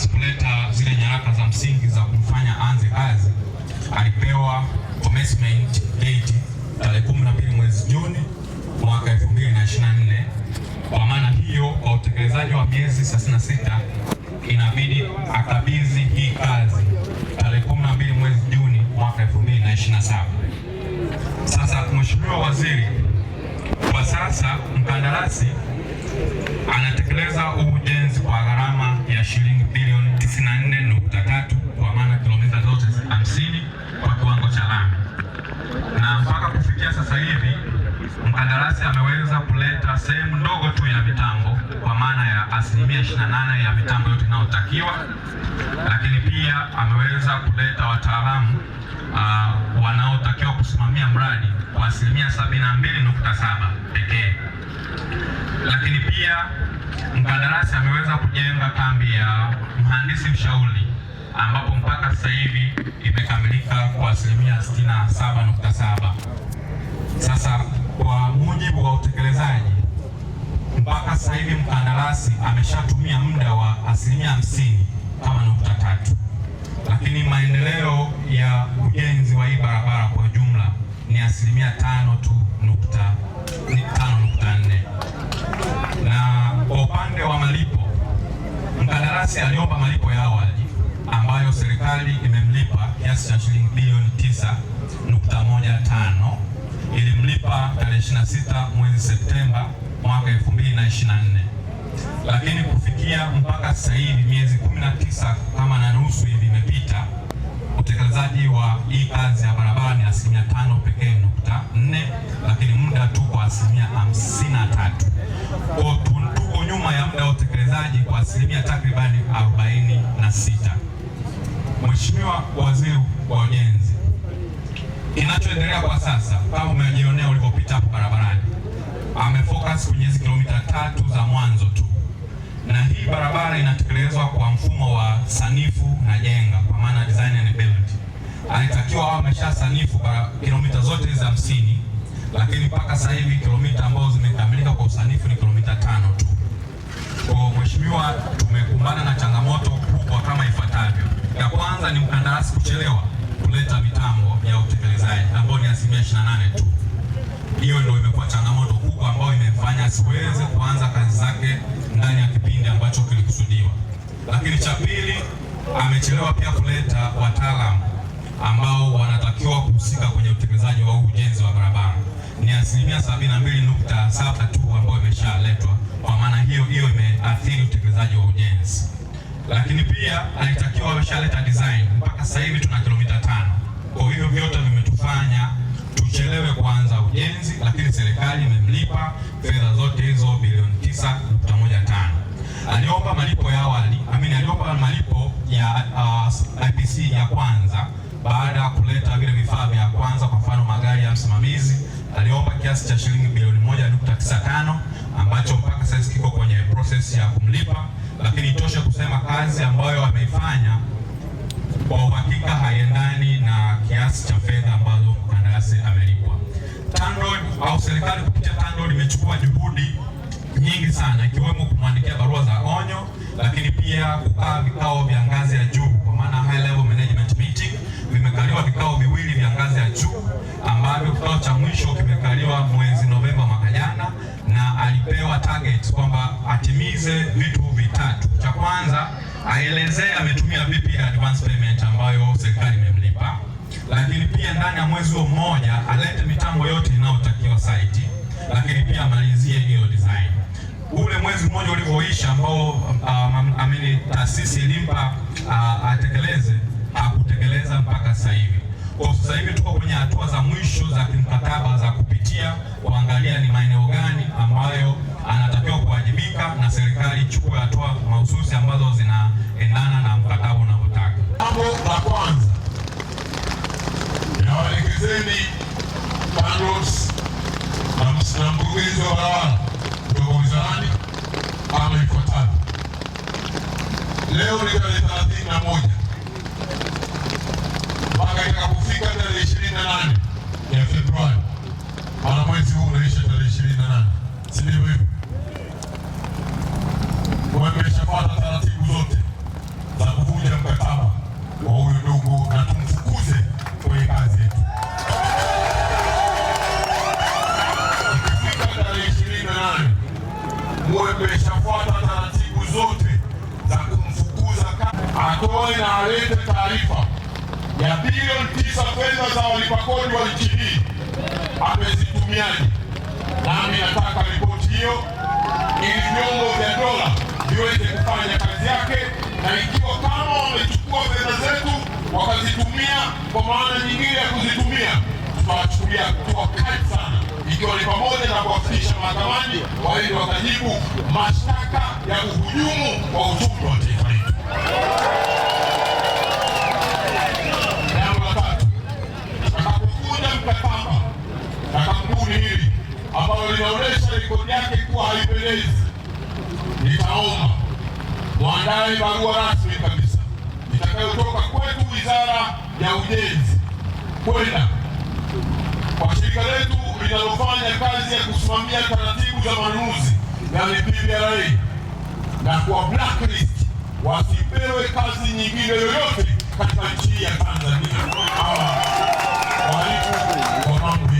basi kuleta zile nyaraka za msingi za kumfanya anze kazi, alipewa commencement date tarehe 12 mwezi Juni mwaka 2024. Kwa maana hiyo, kwa utekelezaji wa miezi 36 inabidi akabidhi hii kazi tarehe 12 mwezi Juni mwaka 2027. Sasa Mheshimiwa Waziri, kwa sasa mkandarasi anatekeleza ujenzi kwa gharama ya shilingi bilioni 94.3 kwa maana kilomita zote 50 kwa kiwango cha lami, na mpaka kufikia sasa hivi mkandarasi ameweza kuleta sehemu ndogo tu ya mitambo kwa maana ya asilimia 28 ya mitambo yote inayotakiwa, lakini pia ameweza kuleta wataalamu uh, wanaotakiwa kusimamia mradi kwa asilimia 72.7 pekee lakini pia mkandarasi ameweza kujenga kambi ya mhandisi mshauri ambapo mpaka sasa hivi imekamilika kwa asilimia 67.7. Sasa kwa mujibu wa utekelezaji mpaka sasa hivi mkandarasi ameshatumia muda wa asilimia 50 kama nukta tatu, lakini maendeleo ya ujenzi wa hii barabara kwa jumla ni asilimia tano tu. Manase aliomba malipo ya awali ambayo serikali imemlipa kiasi cha shilingi bilioni 9.15, ilimlipa tarehe 26 mwezi Septemba mwaka 2024, lakini kufikia mpaka sasa hivi miezi 19 kama na nusu hivi imepita, utekelezaji wa hii kazi ya barabara ni asilimia 5 pekee nukta 4, lakini muda tuko asilimia 53, kwa tuko nyuma ya muda uwekezaji kwa asilimia takribani 46. Mheshimiwa Waziri wa Ujenzi, kinachoendelea kwa sasa kama umejionea ulipopita hapo barabarani, amefocus kwenye hizi kilomita tatu za mwanzo tu, na hii barabara inatekelezwa kwa mfumo wa sanifu na jenga, kwa maana design and build. Alitakiwa awa amesha sanifu kilomita zote hizi hamsini, lakini mpaka sasa hivi kilomita ambazo zimekamilika kwa usanifu ni kilomita tano tu. Kwa mheshimiwa, tumekumbana na changamoto kubwa kama ifuatavyo. Ya kwanza ni mkandarasi kuchelewa kuleta mitambo ya utekelezaji ambayo ni asilimia 28 tu. Hiyo ndio imekuwa changamoto kubwa ambayo imefanya siweze kuanza kazi zake ndani ya kipindi ambacho kilikusudiwa. Lakini cha pili, amechelewa pia kuleta wataalamu ambao wanatakiwa kuhusika kwenye utekelezaji wa ujenzi wa barabara ni asilimia sabini na mbili nukta saba tu ambayo imeshaletwa. Kwa maana hiyo hiyo imeathiri utekelezaji wa ujenzi, lakini pia alitakiwa ameshaleta design. Mpaka sasa hivi tuna kilomita tano. Kwa hivyo vyote vimetufanya tuchelewe kuanza ujenzi, lakini serikali imemlipa fedha zote hizo bilioni tano. Aliomba malipo ya awali amini, aliomba malipo ya uh, IPC ya kwanza baada ya kuleta vile vifaa vya kwanza, kwa mfano magari ya msimamizi aliomba kiasi cha shilingi bilioni 1.95 ambacho mpaka sasa kiko kwenye process ya kumlipa, lakini itoshe kusema kazi ambayo ameifanya kwa uhakika haiendani na kiasi cha fedha ambazo mkandarasi amelipwa. TANROADS au serikali kupitia TANROADS imechukua juhudi nyingi sana, ikiwemo kumwandikia barua za onyo, lakini pia kukaa vikao vya ngazi ya juu kwa maana high level yetu ambavyo kikao cha mwisho kimekaliwa mwezi Novemba mwaka jana, na alipewa target kwamba atimize vitu vitatu. Cha kwanza aelezee ametumia vipi advance payment ambayo serikali imemlipa, lakini pia ndani ya mwezi huo mmoja alete mitambo yote inayotakiwa site, lakini pia amalizie hiyo design. Ule mwezi mmoja ulivyoisha ambao um, um, amini taasisi ilimpa uh, atekeleze, hakutekeleza mpaka sasa hivi. Kwa sasa hivi tuko kwenye hatua za mwisho za kimkataba za kupitia kuangalia ni maeneo gani ambayo anatakiwa kuwajibika na serikali ichukue hatua mahususi ambazo zinaendana na mkataba unaotaka. Jambo la kwanza, nawaelekezeni TANROADS na mkurugenzi wa barabara kutoka wizarani kama ifuatavyo. Leo ni tarehe 31 ya Februari, maana mwezi huu unaisha tarehe ishirini na nane si ndivyo? Hivyo wameshapata taratibu zote za kuvunja mkataba wa huyo ndugu na tumfukuze kwenye kazi yetu. Ikifika tarehe ishirini na nane wameshafuata taratibu zote za kumfukuza, atoe na alete taarifa ya bilioni tisa kwenda za walipa kodi wa nchi hii amezitumiaje? Nami nataka ripoti hiyo ili vyombo vya dola viweze kufanya kazi yake, na ikiwa kama wamechukua fedha zetu wakazitumia kwa maana nyingine ya kuzitumia, tunawachukulia kutoa kali sana, ikiwa ni pamoja na kuwafikisha mahakamani waende wakajibu mashtaka ya uhujumu wa uchumi wa taifa. naye barua rasmi kabisa itakayotoka kwetu Wizara ya Ujenzi kwenda kwa shirika letu linalofanya kazi ya kusimamia taratibu za manunuzi yani PPRA na kwa blacklist wasipewe kazi nyingine yoyote katika nchi ya Tanzania. mambo